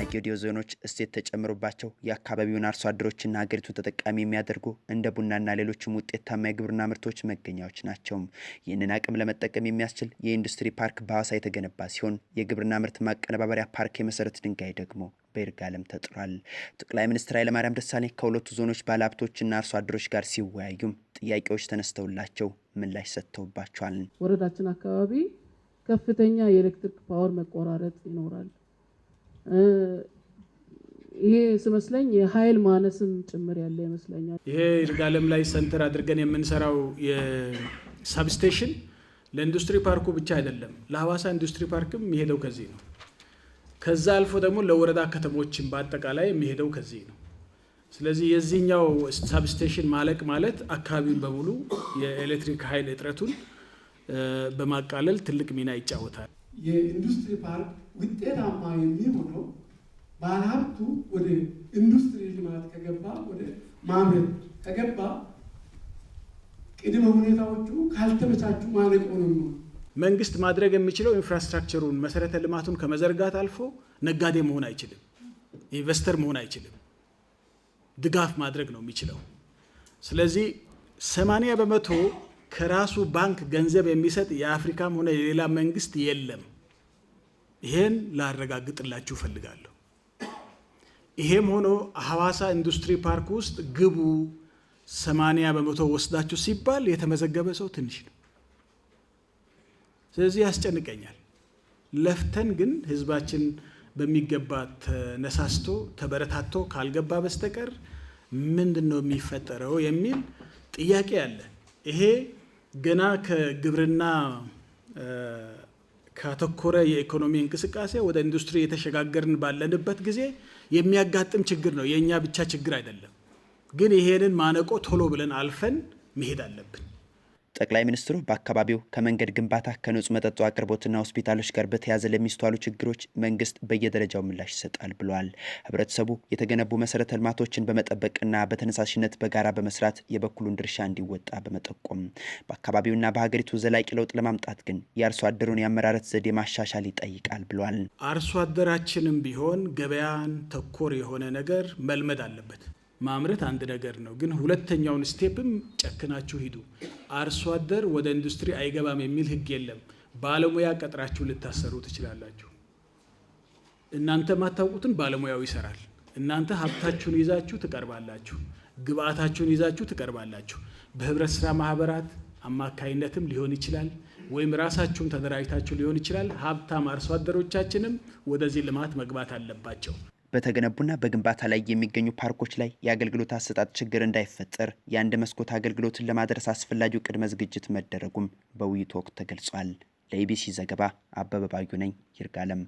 ንቅናቄ ጌዲዮ ዞኖች እሴት ተጨምሮባቸው የአካባቢውን አርሶ አደሮችና ሀገሪቱን ተጠቃሚ የሚያደርጉ እንደ ቡናና ሌሎችም ውጤታማ የግብርና ምርቶች መገኛዎች ናቸው። ይህንን አቅም ለመጠቀም የሚያስችል የኢንዱስትሪ ፓርክ በሐዋሳ የተገነባ ሲሆን የግብርና ምርት ማቀነባበሪያ ፓርክ የመሰረት ድንጋይ ደግሞ በይርጋለም ተጥሯል። ጠቅላይ ሚኒስትር ኃይለማርያም ደሳለኝ ከሁለቱ ዞኖች ባለሀብቶችና አርሶ አደሮች ጋር ሲወያዩም ጥያቄዎች ተነስተውላቸው ምላሽ ሰጥተውባቸዋል። ወረዳችን አካባቢ ከፍተኛ የኤሌክትሪክ ፓወር መቆራረጥ ይኖራል። ይሄ ስመስለኝ የኃይል ማነስም ጭምር ያለ ይመስለኛል። ይሄ ይርጋለም ላይ ሰንተር አድርገን የምንሰራው የሰብስቴሽን ለኢንዱስትሪ ፓርኩ ብቻ አይደለም፣ ለሀዋሳ ኢንዱስትሪ ፓርክም የሚሄደው ከዚህ ነው። ከዛ አልፎ ደግሞ ለወረዳ ከተሞችን በአጠቃላይ የሚሄደው ከዚህ ነው። ስለዚህ የዚህኛው ሰብስቴሽን ማለቅ ማለት አካባቢውን በሙሉ የኤሌክትሪክ ኃይል እጥረቱን በማቃለል ትልቅ ሚና ይጫወታል። የኢንዱስትሪ ፓርክ ውጤታማ የሚሆነው ባለሀብቱ ወደ ኢንዱስትሪ ልማት ከገባ፣ ወደ ማምረት ከገባ ቅድመ ሁኔታዎቹ ካልተመቻቹ ማነቆ ነው። መንግስት ማድረግ የሚችለው ኢንፍራስትራክቸሩን መሰረተ ልማቱን ከመዘርጋት አልፎ ነጋዴ መሆን አይችልም፣ ኢንቨስተር መሆን አይችልም። ድጋፍ ማድረግ ነው የሚችለው። ስለዚህ ሰማንያ በመቶ ከራሱ ባንክ ገንዘብ የሚሰጥ የአፍሪካም ሆነ የሌላ መንግስት የለም። ይሄን ላረጋግጥላችሁ እፈልጋለሁ። ይሄም ሆኖ ሐዋሳ ኢንዱስትሪ ፓርክ ውስጥ ግቡ ሰማንያ በመቶ ወስዳችሁ ሲባል የተመዘገበ ሰው ትንሽ ነው። ስለዚህ ያስጨንቀኛል። ለፍተን ግን ህዝባችን በሚገባ ተነሳስቶ ተበረታቶ ካልገባ በስተቀር ምንድን ነው የሚፈጠረው የሚል ጥያቄ አለ ይሄ ገና ከግብርና ካተኮረ የኢኮኖሚ እንቅስቃሴ ወደ ኢንዱስትሪ የተሸጋገርን ባለንበት ጊዜ የሚያጋጥም ችግር ነው። የእኛ ብቻ ችግር አይደለም። ግን ይሄንን ማነቆ ቶሎ ብለን አልፈን መሄድ አለብን። ጠቅላይ ሚኒስትሩ በአካባቢው ከመንገድ ግንባታ ከንጹህ መጠጥ አቅርቦትና ሆስፒታሎች ጋር በተያያዘ ለሚስተዋሉ ችግሮች መንግስት በየደረጃው ምላሽ ይሰጣል ብለዋል። ህብረተሰቡ የተገነቡ መሰረተ ልማቶችን በመጠበቅና በተነሳሽነት በጋራ በመስራት የበኩሉን ድርሻ እንዲወጣ በመጠቆም በአካባቢውና በሀገሪቱ ዘላቂ ለውጥ ለማምጣት ግን የአርሶ አደሩን የአመራረት ዘዴ ማሻሻል ይጠይቃል ብለዋል። አርሶ አደራችንም ቢሆን ገበያን ተኮር የሆነ ነገር መልመድ አለበት። ማምረት አንድ ነገር ነው፣ ግን ሁለተኛውን ስቴፕም ጨክናችሁ ሂዱ። አርሶ አደር ወደ ኢንዱስትሪ አይገባም የሚል ህግ የለም። ባለሙያ ቀጥራችሁ ልታሰሩ ትችላላችሁ። እናንተ የማታውቁትን ባለሙያው ይሰራል። እናንተ ሀብታችሁን ይዛችሁ ትቀርባላችሁ። ግብአታችሁን ይዛችሁ ትቀርባላችሁ። በህብረት ስራ ማህበራት አማካይነትም ሊሆን ይችላል፣ ወይም ራሳችሁም ተደራጅታችሁ ሊሆን ይችላል። ሀብታም አርሶ አደሮቻችንም ወደዚህ ልማት መግባት አለባቸው። በተገነቡና በግንባታ ላይ የሚገኙ ፓርኮች ላይ የአገልግሎት አሰጣጥ ችግር እንዳይፈጠር የአንድ መስኮት አገልግሎትን ለማድረስ አስፈላጊው ቅድመ ዝግጅት መደረጉም በውይይቱ ወቅት ተገልጿል። ለኢቢሲ ዘገባ አበበባዩ ነኝ ይርጋለም